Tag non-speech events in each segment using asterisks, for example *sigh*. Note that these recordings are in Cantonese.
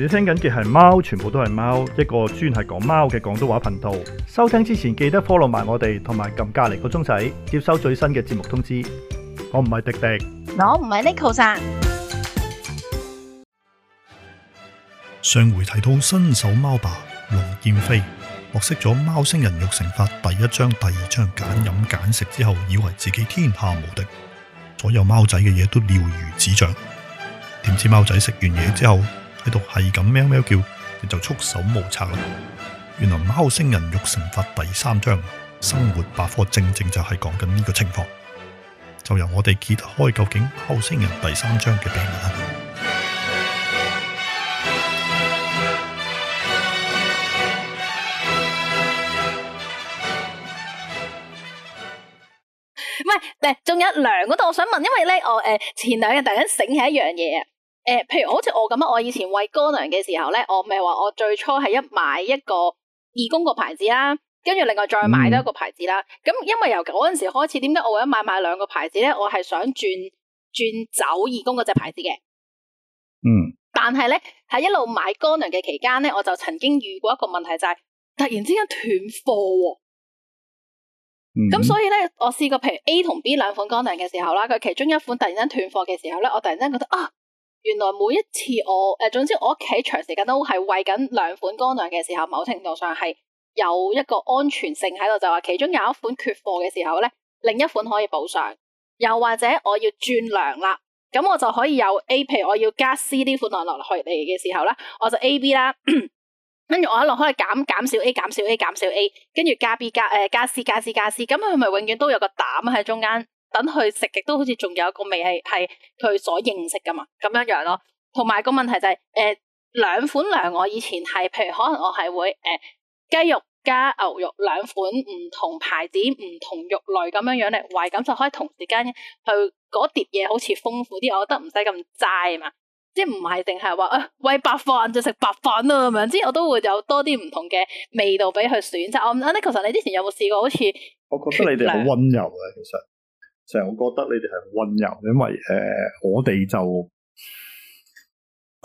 你聽緊嘅係貓，全部都係貓，一個專係講貓嘅廣東話頻道。收聽之前記得 follow 埋我哋，同埋撳隔籬個鐘仔，接收最新嘅節目通知。我唔係廸廸，我唔係 Neko Ching，啊、上回提到新手貓爸龍劍飛，學識咗貓星人育成法第一章，第二章，揀飲揀食之後，以為自己天下無敵，所有貓仔嘅嘢都了如指掌。點知貓仔食完嘢之後，喺度係咁喵喵叫，你就束手無策啦。原來貓星人育成法第三章，生活百科正正就係講緊呢個情況。就由我哋揭開究竟貓星人第三章嘅秘密。唔係，誒，仲有梁嗰度，我想問，因為咧，我誒、呃、前兩日突然醒起一樣嘢啊。誒，譬如好似我咁啊，我以前餵乾糧嘅時候咧，我咪話我最初係一買一個義工個牌子啦，跟住另外再買多一個牌子啦。咁、嗯、因為由嗰陣時開始，點解我一買買兩個牌子咧？我係想轉轉走義工嗰隻牌子嘅。嗯。但係咧，喺一路買乾糧嘅期間咧，我就曾經遇過一個問題，就係、是、突然之間斷貨。嗯。咁所以咧，我試過譬如 A 同 B 兩款乾糧嘅時候啦，佢其中一款突然間斷貨嘅時候咧，我突然間覺得啊～原來每一次我誒、呃，總之我屋企長時間都係餵緊兩款乾糧嘅時候，某程度上係有一個安全性喺度，就話其中有一款缺貨嘅時候咧，另一款可以補償。又或者我要轉糧啦，咁我就可以有 A，譬如我要加 C 呢款糧落落去嚟嘅時候咧，我就 A B 啦，跟住我一路可以減減少 A，減少 A，減少 A，跟住加 B 加誒加 C 加 C 加 C，咁佢咪永遠都有個膽喺中間。等佢食，亦都好似仲有一個味係係佢所認識噶嘛，咁樣樣咯。同埋個問題就係、是，誒、呃，兩款糧我以前係，譬如可能我係會，誒、呃，雞肉加牛肉兩款唔同牌子唔同肉類咁樣樣嚟喂，咁就可以同時間去嗰碟嘢，好似豐富啲，我覺得唔使咁齋嘛，即係唔係淨係話誒喂，白飯就食白飯咯，咁樣即係我都會有多啲唔同嘅味道俾佢選擇。我，我咧，其實你之前有冇試過好似？我覺得你哋好溫柔啊，其實。成日我覺得你哋係溫柔，因為誒、呃，我哋就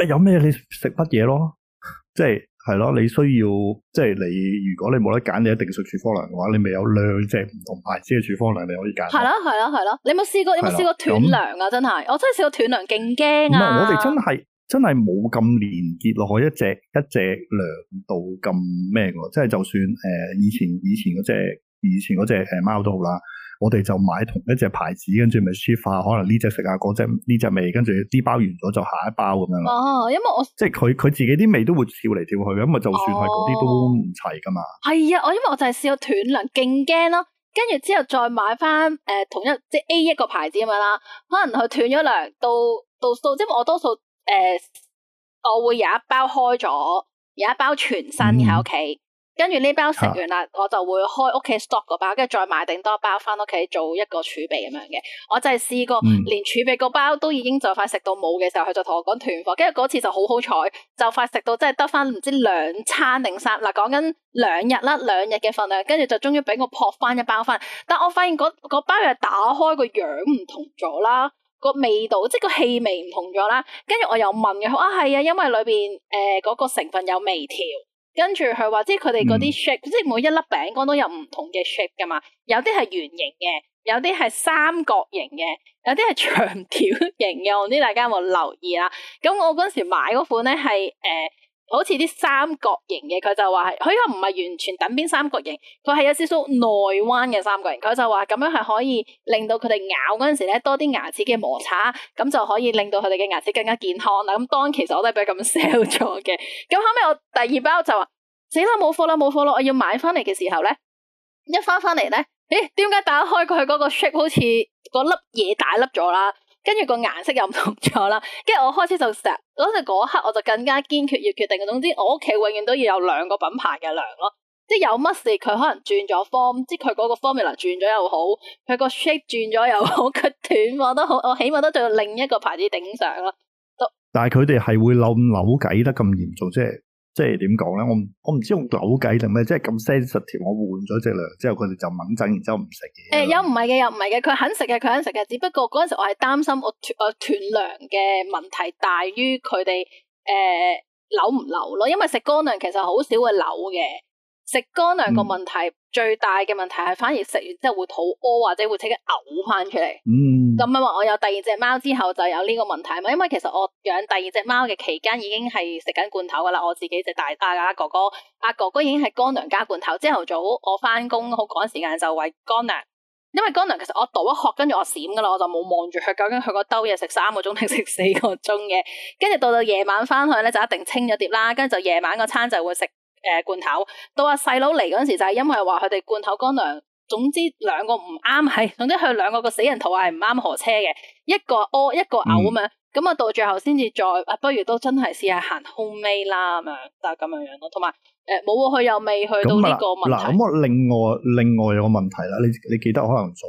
誒有咩你食乜嘢咯，即係係咯，啊嗯、你需要即係你如果你冇得揀，你一定食處方糧嘅話，你咪有兩隻唔同牌子嘅處方糧你可以揀。係咯係咯係咯，你有冇試過你有冇試過斷糧啊？啊真係、啊，我真係試過斷糧，勁驚啊！唔係我哋真係真係冇咁連結落去一隻一隻糧到咁咩即係就算誒、呃、以前以前嗰隻以前嗰隻誒貓都好啦。我哋就買同一隻牌子，跟住咪舒化，可能呢隻食下嗰隻呢隻味，跟住啲包完咗就下一包咁樣咯。哦、啊，因為我即係佢佢自己啲味都會跳嚟跳去，咁啊就算係嗰啲都唔齊噶嘛。係、哦、啊，我因為我就係試過斷糧，勁驚咯。跟住之後再買翻誒、呃、同一即係 A 一個牌子咁樣啦。可能佢斷咗糧，到到到即係我多數誒、呃、我會有一包開咗，有一包全新喺屋企。嗯跟住呢包食完啦，啊、我就會開屋企 stock 嗰包，跟住再買定多包翻屋企做一個儲備咁樣嘅。我就係試過連儲備個包都已經就快食到冇嘅時候，佢就同我講斷貨。跟住嗰次就好好彩，就快食到真係得翻唔知兩餐定三嗱、啊，講緊兩日啦，兩日嘅份量。跟住就終於俾我撲翻一包翻。但我發現嗰包又打開個樣唔同咗啦，個味道即係個氣味唔同咗啦。跟住我又問佢，啊係啊，因為裏邊誒嗰個成分有微調。跟住佢話，即係佢哋嗰啲 shape，即係每一粒餅乾都有唔同嘅 shape 㗎嘛，有啲係圓形嘅，有啲係三角形嘅，有啲係長條形嘅，我唔知大家有冇留意啦。咁我嗰時買嗰款咧係誒。好似啲三角形嘅，佢就話係，佢又唔係完全等邊三角形，佢係有少少內彎嘅三角形。佢就話咁樣係可以令到佢哋咬嗰陣時咧多啲牙齒嘅摩擦，咁就可以令到佢哋嘅牙齒更加健康啦。咁當其實我都係俾佢咁 sell 咗嘅。咁後尾我第二包就話死啦冇貨啦冇貨啦，我要買翻嚟嘅時候咧，一翻翻嚟咧，誒點解打開佢嗰個 shape 好似個粒嘢大粒咗啦？跟住個顏色又唔同咗啦，跟住我開始就成嗰陣嗰刻，我就更加堅決要決定。總之我屋企永遠都要有兩個品牌嘅糧咯，即係有乜事佢可能轉咗 form，即係佢嗰個 formula 轉咗又好，佢個 shape 轉咗又好，佢斷我都好，我起碼都仲要另一個牌子頂上咯。都但係佢哋係會扭扭計得咁嚴重，即係。即係點講咧？我唔我唔知用扭計定咩？即係咁 send 十條，我換咗隻糧之後，佢哋就掹陣，然之後唔食嘢。誒，又唔係嘅，又唔係嘅，佢肯食嘅，佢肯食嘅。只不過嗰陣時我係擔心我斷我斷糧嘅問題大於佢哋誒扭唔扭咯。因為食乾糧其實好少會扭嘅，食乾糧個問題，嗯。最大嘅問題係反而食完之後會肚屙，或者會即刻嘔翻出嚟。嗯，咁咪話我有第二隻貓之後就有呢個問題嘛。因為其實我養第二隻貓嘅期間已經係食緊罐頭噶啦。我自己就大阿阿、啊、哥哥阿、啊、哥哥已經係乾糧加罐頭。朝頭早我翻工好趕時間就餵乾糧，因為乾糧其實我倒一殼，跟住我閃噶啦，我就冇望住佢，究竟佢個兜嘢食三個鐘定食四個鐘嘅。跟住到到夜晚翻去咧就一定清咗碟啦，跟住就夜晚個餐就會食。誒、呃，罐頭到阿細佬嚟嗰陣時，就係因為話佢哋罐頭乾糧，總之兩個唔啱係，總之佢兩個個死人頭係唔啱河車嘅，一個屙、哦、一個嘔咁樣，咁、嗯、啊、嗯嗯、到最後先至再，不如都真係試下行 home made 啦咁樣，就咁樣樣咯。同埋誒，冇佢又未去到呢個問題。嗱咁我另外另外有個問題啦，你你記得可能早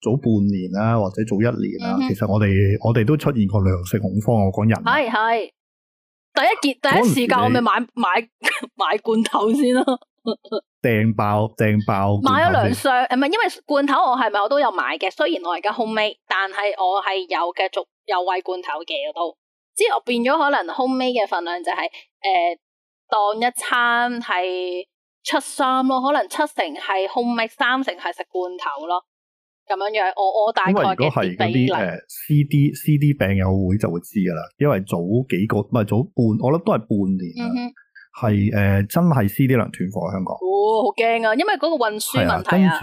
早半年啦、啊，或者早一年啦、啊，嗯、哼其實我哋我哋都出現過糧食恐慌，我講人係係。第一件第一時間我咪買你買買罐頭先咯，掟爆掟爆。訂爆買咗兩箱，唔係因為罐頭我係咪我都有買嘅？雖然我而家 homemade，但係我係有繼續有喂罐頭嘅都。即係我變咗可能 homemade 嘅份量就係、是、誒、呃、當一餐係七三咯，可能七成係 homemade，三成係食罐頭咯。咁樣樣，我我大概嘅比例，誒，C D C D 病友會就會知噶啦，因為早幾個唔係早半，我諗都係半年，係誒、嗯哼呃、真係 C D 糧斷貨香港，哦、好驚啊，因為嗰個運輸問題啊，跟住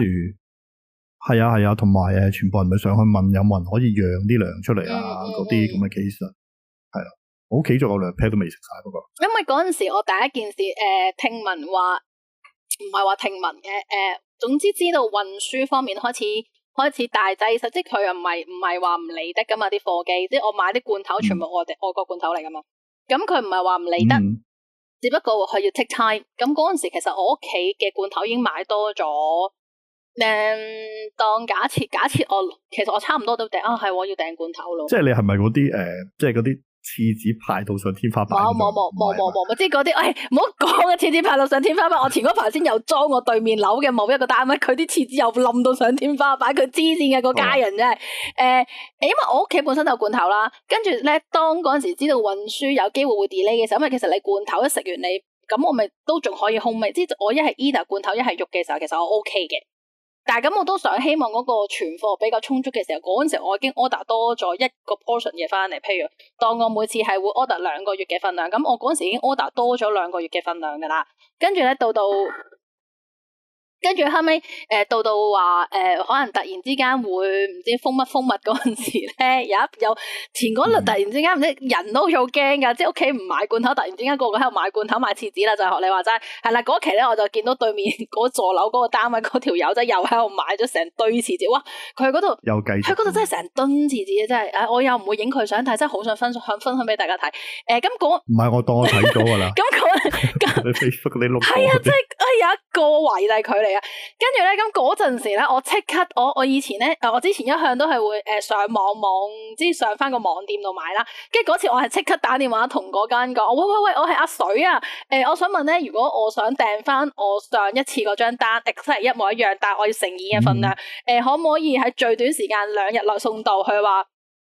係啊係啊，同埋誒，全部人都上去問有問，可以讓啲糧出嚟啊，嗰啲咁嘅 case，係啊，我屋企仲有兩 pair 都未食晒，不過因為嗰陣時我第一件事，誒、呃、聽聞話唔係話聽聞嘅，誒、呃、總之知道運輸方面開始。開始大劑，實即佢又唔係唔係話唔理得㗎嘛啲貨機，即係我買啲罐頭全部外地外國罐頭嚟㗎嘛，咁佢唔係話唔理得，嗯、只不過佢要 take time。咁嗰陣時其實我屋企嘅罐頭已經買多咗，誒、嗯、當假設假設我其實我差唔多都訂啊，係我要訂罐頭咯、呃。即係你係咪嗰啲誒，即係嗰啲。廁紙排到上天花板，冇冇冇冇冇冇，即係嗰啲，喂、哎，唔好講啊！廁紙排到上天花板， *laughs* 我前嗰排先又裝我對面樓嘅某一個單位，佢啲廁紙又冧到上天花板，佢黐線嘅個家人真係，誒、 *laughs* 哎，因為我屋企本身有罐頭啦，跟住咧，當嗰陣時知道運輸有機會會 delay 嘅時候，因為其實你罐頭一食完你，咁我咪都仲可以控味。即係我一係 either 罐頭，一係肉嘅時候，其實我 ok 嘅。但係咁，我都想希望嗰個存貨比較充足嘅時候，嗰陣時我已經 order 多咗一個 portion 嘢返嚟。譬如當我每次係會 order 兩個月嘅份量，咁我嗰陣時已經 order 多咗兩個月嘅份量㗎喇。跟住呢到到。跟住後尾，誒，到到話，誒，可能突然之間會唔知封乜封物嗰陣時咧，有有前嗰輪突然之間唔知人都好驚噶，即係屋企唔買罐頭，突然之間個個喺度買罐頭買廁紙啦，就學你話齋係啦。嗰期咧我就見到對面嗰座樓嗰個單位，嗰條友仔又喺度買咗成堆廁紙，哇！佢嗰度，有計，佢嗰度真係成噸廁紙啊！真係，我又唔會影佢相，睇，真係好想分享分享俾大家睇。誒，咁嗰唔係我當我睇咗噶啦。咁佢係啊，即係有一個圍住佢。係啊，跟住咧，咁嗰陣時咧，我即刻，我我以前咧，誒，我之前一向都係會誒上網網，即係上翻個網店度買啦。跟住嗰次我係即刻打電話同嗰間講，喂喂喂，我係阿水啊，誒、呃，我想問咧，如果我想訂翻我上一次嗰張單，其實係一模一樣，但係我要成二嘅份量，誒、嗯呃，可唔可以喺最短時間兩日內送到？佢話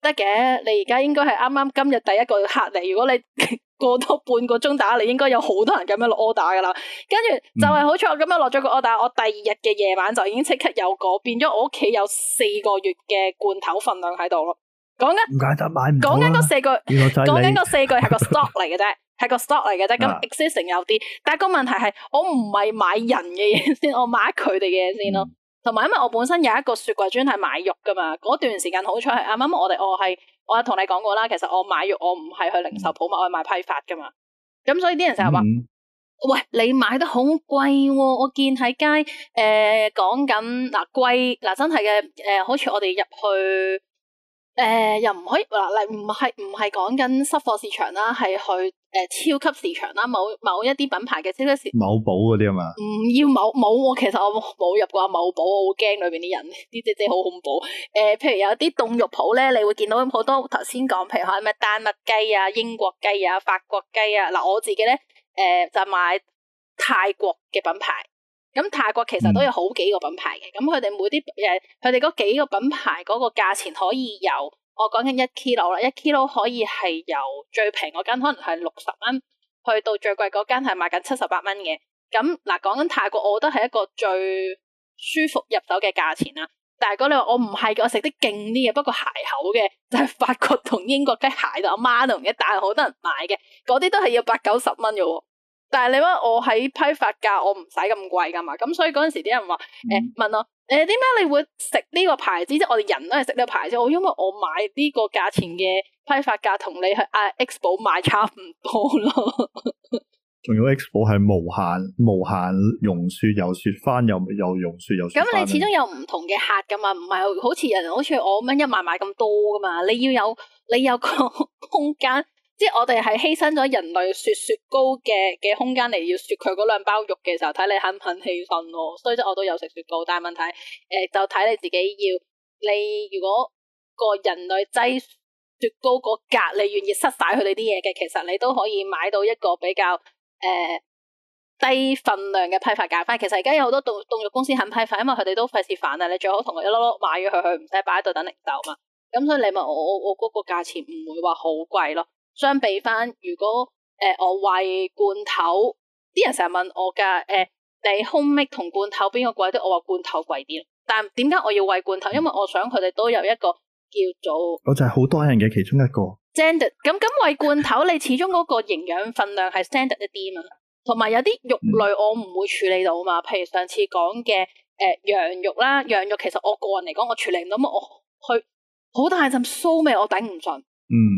得嘅，你而家應該係啱啱今日第一個客嚟，如果你。 *laughs* 過多半個鐘打嚟，應該有好多人咁樣落 order 噶啦。跟住就係好彩我咁樣落咗個 order，我第二日嘅夜晚就已經即刻有改變咗我屋企有四個月嘅罐頭份量喺度咯。講緊，買啊、講緊嗰四句，講緊嗰四句係個 stock 嚟嘅啫，係 *laughs* 個 stock 嚟嘅啫。咁 existing 有啲，但係個問題係我唔係買人嘅嘢先，我買佢哋嘅嘢先咯。嗯同埋，因為我本身有一個雪櫃專係買肉噶嘛，嗰段時間好彩係啱啱我哋，我係我係同你講過啦，其實我買肉我唔係去零售鋪買，我係買批發噶嘛，咁所以啲人成日話：，嗯嗯喂，你買得好貴喎、哦！我見喺街誒講緊嗱貴嗱、啊、真係嘅誒，好似我哋入去。誒、呃、又唔可以嗱，嚟唔係唔係講緊濕貨市場啦，係去誒、呃、超級市場啦，某某一啲品牌嘅超級市，某寶嗰啲係嘛？唔、嗯、要某冇，其實我冇入過某寶，我好驚裏邊啲人，啲姐姐好恐怖。誒、呃，譬如有啲凍肉鋪咧，你會見到好多頭先講，譬如話咩丹麥雞啊、英國雞啊、法國雞啊。嗱、呃，我自己咧誒、呃、就買泰國嘅品牌。咁泰國其實都有好幾個品牌嘅，咁佢哋每啲誒，佢哋嗰幾個品牌嗰個價錢可以由我講緊一 kilo 啦，一 kilo 可以係由最平嗰間可能係六十蚊，去到最貴嗰間係賣緊七十八蚊嘅。咁嗱講緊泰國，我覺得係一個最舒服入手嘅價錢啦。但係你話我唔係我食得勁啲嘅，不過鞋口嘅就係法國同英國嘅鞋，阿媽同一打，但係好多人買嘅，嗰啲都係要八九十蚊嘅喎。但係你話我喺批發價，我唔使咁貴噶嘛，咁所以嗰陣時啲人話，誒、欸、問我，誒，點解你會食呢個牌子？即係我哋人都係食呢個牌子，我，子我因為我買呢個價錢嘅批發價，同你去 X 寶買差唔多咯。仲要 X 寶係無限無限融雪又雪翻又又融雪又雪翻。咁你始終有唔同嘅客噶嘛，唔係好似人好似我咁一萬買買咁多噶嘛，你要有你有個空間。即係我哋係犧牲咗人類雪雪糕嘅嘅空間嚟要雪佢嗰兩包肉嘅時候，睇你肯唔肯犧牲咯。所以即我都有食雪糕，但係問題誒、呃、就睇你自己要你如果個人類擠雪，雪糕嗰格，你願意塞晒佢哋啲嘢嘅，其實你都可以買到一個比較誒、呃、低份量嘅批發價。但係其實而家有好多凍凍肉公司肯批發，因為佢哋都費事煩啊。你最好同佢一碌碌買咗佢，佢唔使擺喺度等零售嘛。咁所以你問我我我嗰個價錢唔會話好貴咯。相比翻，如果誒、呃、我餵罐頭，啲人成日問我噶，誒、呃、你 home make 同罐頭邊個貴啲？我話罐頭貴啲。但點解我要餵罐頭？因為我想佢哋都有一個叫做我就係好多人嘅其中一個 standard。咁咁餵罐頭，你始終嗰個營養分量係 standard 一啲啊嘛。同埋有啲肉類我唔會處理到啊嘛。譬如上次講嘅誒、呃、羊肉啦，羊肉其實我個人嚟講我處理唔到，咁我去好大陣臊味，我頂唔順。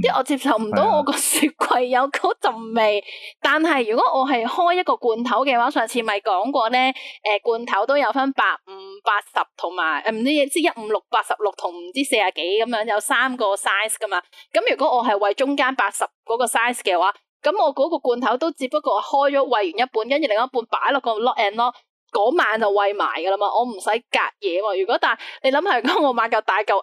即我接受唔到我個雪櫃有嗰陣味，但係如果我係開一個罐頭嘅話，上次咪講過咧，誒罐頭都有分百五、八十同埋誒唔知即一五六、八十六同唔知四十幾咁樣，有三個 size 噶嘛。咁如果我係喂中間八十嗰個 size 嘅話，咁我嗰個罐頭都只不過開咗喂完一半，跟住另一半擺落個 lock and lock。嗰晚就喂埋噶啦嘛，我唔使隔嘢嘛。如果但你諗下，如果我買嚿大嚿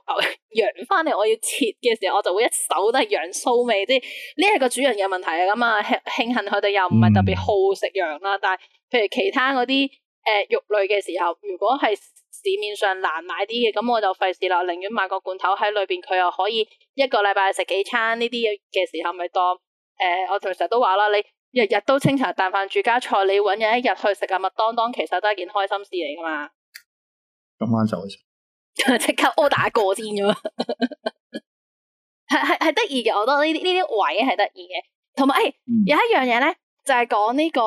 羊翻嚟，我要切嘅時候，我就會一手都係羊臊味即係。呢係個主人嘅問題嚟啊嘛。慶幸慶幸佢哋又唔係特別好食羊啦。嗯、但係譬如其他嗰啲誒肉類嘅時候，如果係市面上難買啲嘅，咁我就費事啦，寧願買個罐頭喺裏邊，佢又可以一個禮拜食幾餐呢啲嘅時候，咪當誒我同成日都話啦，你。日日都清茶淡飯住家菜，你搵日一日去食下麥當當，其實都係件開心事嚟噶嘛。今晚就去食，即 *laughs* 刻惡打過先㗎嘛。 *laughs* *laughs* 係係係得意嘅，我覺得呢呢啲位係得意嘅。同埋誒，哎嗯、有一樣嘢咧，就係、是、講呢個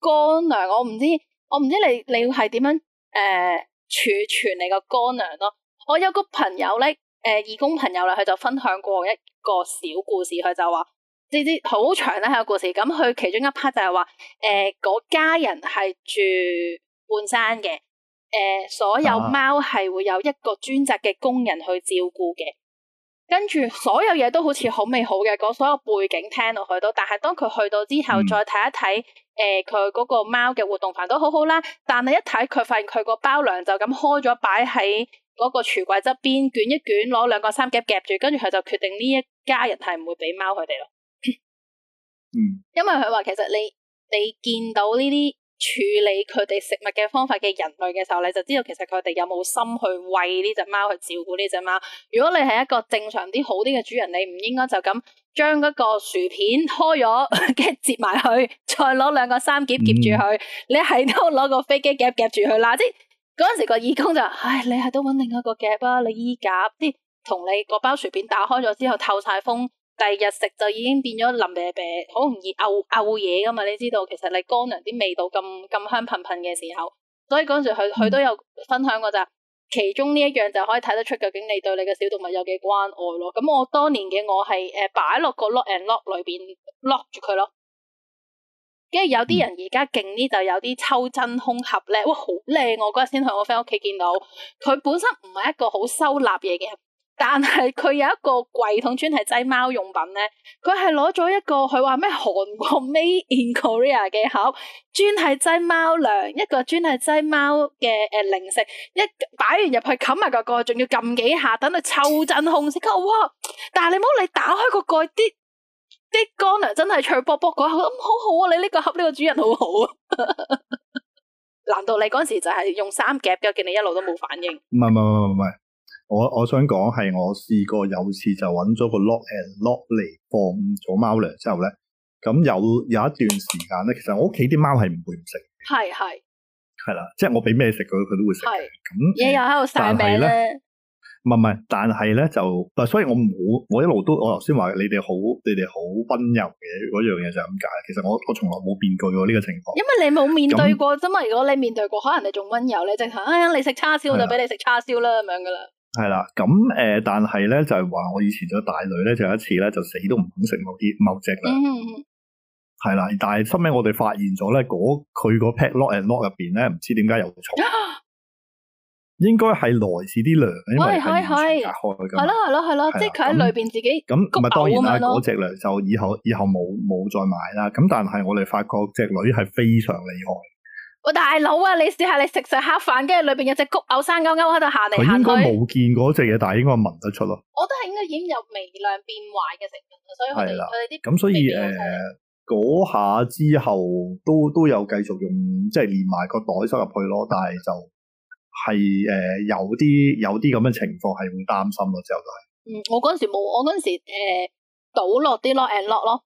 乾糧。我唔知，我唔知你你係點樣誒、呃、儲存你個乾糧咯。我有個朋友咧，誒、呃、義工朋友啦，佢就分享過一個小故事，佢就話。呢啲好長咧個故事，咁佢其中一 part 就係話，誒、呃，嗰家人係住半山嘅，誒、呃，所有貓係會有一個專責嘅工人去照顧嘅，跟住所有嘢都好似好美好嘅，嗰所有背景聽落去都，但係當佢去到之後，嗯、再睇一睇，誒、呃，佢嗰個貓嘅活動範都好好啦，但係一睇佢發現佢個包糧就咁開咗擺喺嗰個櫥櫃側邊，卷一卷攞兩個三夾夾住，跟住佢就決定呢一家人係唔會俾貓佢哋咯。嗯，因為佢話其實你你見到呢啲處理佢哋食物嘅方法嘅人類嘅時候你就知道其實佢哋有冇心去喂呢隻貓，去照顧呢隻貓。如果你係一個正常啲好啲嘅主人，你唔應該就咁將嗰個薯片拖開咗，跟住折埋去，再攞兩個三夾夾住佢。嗯、你係都攞個飛機夾夾住佢啦。即係嗰陣時個義工就，唉，你係都揾另一個夾啊。你衣夾。即係同你個包薯片打開咗之後透晒風。第二日食就已經變咗腍膩膩，好容易嘔嘔嘢㗎嘛？你知道其實你乾糧啲味道咁咁香噴噴嘅時候，所以嗰陣時佢佢都有分享過就是，其中呢一樣就可以睇得出究竟你對你嘅小動物有幾關愛咯。咁我當年嘅我係誒擺落個 lock and lock 裏邊 lock 住佢咯，跟住有啲人而家勁呢就有啲抽真空盒咧，哇好靚！我嗰日先去我 friend 屋企見到，佢本身唔係一個好收納嘢嘅。但係佢有一個櫃桶專係擠貓用品咧，佢係攞咗一個，佢話咩韓國 made in Korea 嘅盒，專係擠貓糧，一個專係擠貓嘅誒零食，一擺完入去冚埋個蓋，仲要撳幾下，等佢抽盡空氣。哇！但係你唔好你打開個蓋，啲啲乾糧真係脆卜卜嗰下，咁好好啊！你呢個盒呢個主人好好啊！ *laughs* 難道你嗰時就係用衫夾嘅？見你一路都冇反應。唔係唔係唔係唔係。我我想講係我試過有次就搵咗個 lock and lock 嚟放咗貓糧之後咧，咁有有一段時間咧，其實我屋企啲貓係唔會唔食，係係係啦，即係我俾咩食佢，佢都會食嘅。咁日日喺度晒命咧，唔係唔係，但係咧就，所以我，我冇我一路都我頭先話你哋好，你哋好溫柔嘅嗰樣嘢就咁解。其實我我從來冇變過呢個情況，因為你冇面對過，咁啊那如果你面對過，可能你仲溫柔咧，即係，哎、啊、呀你食叉燒我就俾你食叉燒啦咁樣噶啦。係啦，咁誒，但係咧就係話我以前咗大女咧，就有一次咧就死都唔肯食某啲某隻啦。係啦，但係收尾我哋發現咗咧，佢個 pet lock and lock 入邊咧，唔知點解有蟲，應該係來自啲糧，因為係隔開咁。係咯係咯係咯，即係佢喺裏邊自己咁。咁咪當然啦，嗰隻糧就以後以後冇冇再買啦。咁但係我哋發覺隻女係非常厲害。我大佬啊！你試下你食食黑飯，跟住裏邊有隻穀牛生勾勾喺度行嚟行去，應該冇見過隻嘢，但係應該聞得出咯。我都係應該已經有微量變壞嘅成分，所以佢哋佢哋啲咁所以，誒嗰、呃、下之後都都有繼續用，即係連埋個袋收入去咯。但係就係、是、誒、呃、有啲有啲咁嘅情況係會擔心咯。之後都係嗯，我嗰陣時冇，我嗰陣時誒倒落啲 lock and lock 咯，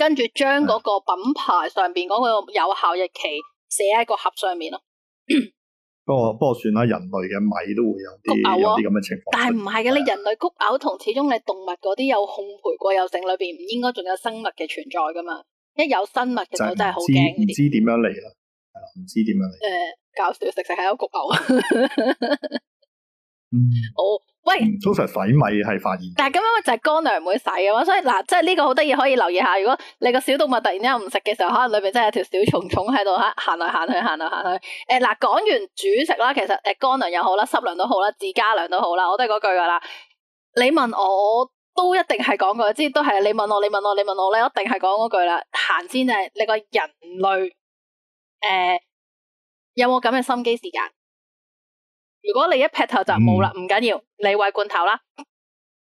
跟住將嗰個品牌上邊嗰個有效日期。的 *laughs* 寫喺個盒上面咯，不過 *coughs* 不過算啦，人類嘅米都會有啲啲咁嘅情況，但係唔係嘅，的你人類穀牛同始終你動物嗰啲有烘焙過有性裏邊唔應該仲有生物嘅存在噶嘛，一有生物嘅就真係好驚，唔知點樣嚟啦，唔知點樣嚟，誒、嗯，搞笑食食喺個穀牛， *laughs* *laughs* 嗯，我。喂，通常洗米係發現，但噉樣就係乾糧唔會洗嘅嘛。所以嗱，即係呢個好得意，可以留意下。如果你個小動物突然之間唔食嘅時候，可能裏邊真係有條小蟲蟲喺度嚇行嚟行去，行嚟行去。誒、欸、嗱，講完煮食啦，其實誒乾糧又好啦，濕糧都好啦，自家糧都好啦，我都係嗰句噶啦。你問我我都一定係講嗰句，即係都係你問我，你問我，你問我咧，你我我一定係講嗰句啦。行先就係，你個人類誒、欸、有冇咁嘅心機時間？如果你一劈頭就冇啦，唔緊要，你喂罐頭啦，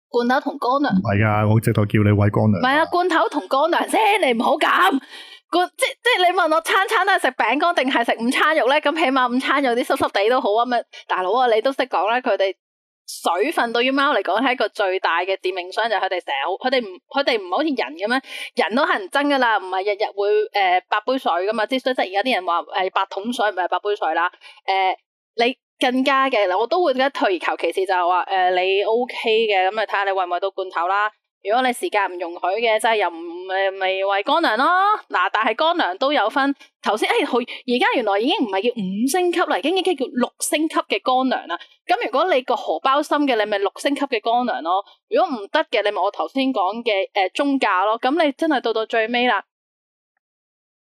罐頭同乾糧係啊，我直頭叫你喂乾糧。唔係啊，罐頭同乾糧先，你唔好咁罐，即即係你問我餐餐都係食餅乾定係食午餐肉咧？咁起碼午餐肉啲濕濕地都好啊。咁大佬啊，你都識講啦，佢哋水分對於貓嚟講係一個最大嘅致命傷，就係佢哋成日好，佢哋唔佢哋唔好似人咁樣，人都係人憎噶啦，唔係日日會誒八、呃、杯水噶嘛，即係所以，即係而家啲人話誒八桶水唔係八杯水啦，誒、呃呃、你。更加嘅，我都會一退而求其次，就係話誒你 O K 嘅，咁啊睇下你喂唔喂到罐頭啦。如果你時間唔容許嘅，真係又唔咪咪喂乾糧咯。嗱、啊，但係乾糧都有分。頭先誒去而家原來已經唔係叫五星級啦，已經已經叫六星級嘅乾糧啦。咁如果你個荷包深嘅，你咪六星級嘅乾糧咯。如果唔得嘅，你咪我頭先講嘅誒中價咯。咁你真係到到最尾啦。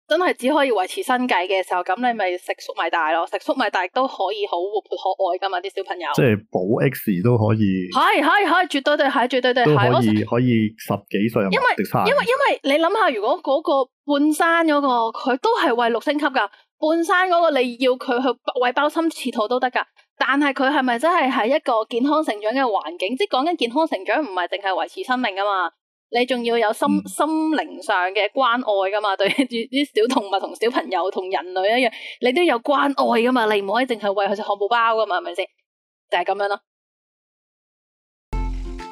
真係只可以維持生計嘅時候，咁你咪食粟米大咯，食粟米大都可以好活潑可愛噶嘛，啲小朋友。即係補 X 都可以。係係係，絕對對，係絕對對，係。可以係可以十幾歲，因為因為因為你諗下，如果嗰個半山嗰個，佢都係餵六星級噶，半山嗰個你要佢去餵包心飼肚都得噶，但係佢係咪真係喺一個健康成長嘅環境？即係講緊健康成長，唔係淨係維持生命㗎嘛。你仲要有心、嗯、心靈上嘅關愛噶嘛。對住啲小動物、同小朋友、同人類一樣，你都有關愛噶嘛？你唔可以淨係喂佢只漢堡包噶嘛？係咪先？就係、是、咁樣咯。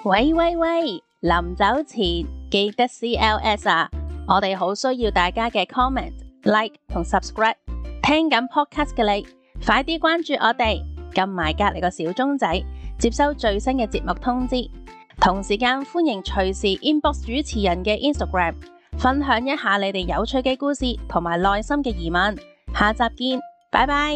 喂喂喂！臨走前記得 CLS 啊！我哋好需要大家嘅 comment、like 同 subscribe。聽緊 podcast 嘅你，快啲關注我哋，撳埋隔籬個小鐘仔，接收最新嘅節目通知。同時間，歡迎隨時 inbox 主持人嘅 Instagram，分享一下你哋有趣嘅故事同埋內心嘅疑問。下集見，拜拜。